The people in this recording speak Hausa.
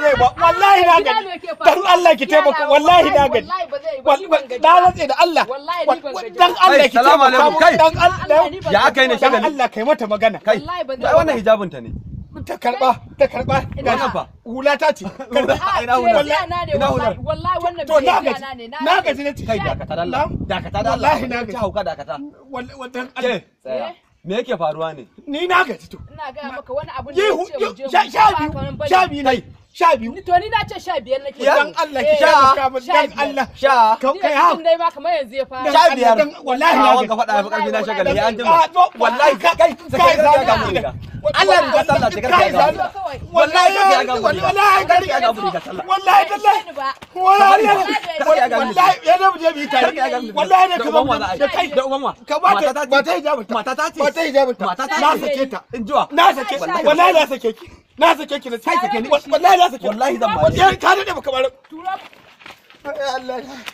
ba zai ba wallahi na gaji dan Allah ki taimaka wallahi na gaji na rantse da Allah dan Allah ki taimaka dan Allah ya kai ne shagali Allah kai mata magana kai wannan hijabin ta ne ta karba ta karba ina nan fa hula ta ce karba ina hula ina hula wallahi wannan to na gaji na gaji ne kai dakata Allah dakata Allah wallahi na gaji hauka dakata wannan Allah eh? me yake faruwa ne ni na gaji to ina ga maka wani abu ne ya ce mu je sha biyu sha biyu sha biyu to ni na ce sha biyar nake dan Allah ki sha dan Allah sha kai ha dai ma kamar yanzu ya fara sha biyar wallahi na ga faɗa ba karfi na shagali ya an jima wallahi kai kai za ka mu Allah ya ta Allah ka kai wallahi ya ga wallahi ka ga ga wallahi wallahi wallahi ya da je bi tare wallahi ne kuma da kai da umanwa ka ba ta ba ta hijabi mata ta ce mata ta ce mata ta ce na sake ta injuwa na sake wallahi na sake ki na sake ki na sai sake ni wallahi na sake wallahi zan ba ka dade baka bar tura Allah